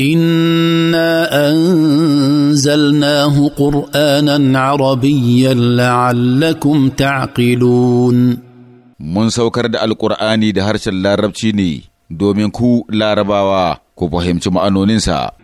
انا انزلناه قرانا عربيا لعلكم تعقلون من سوكر دا القراني دهرش اللاربشيني دومينكو لارباوا كوبهيمتو مانونينسا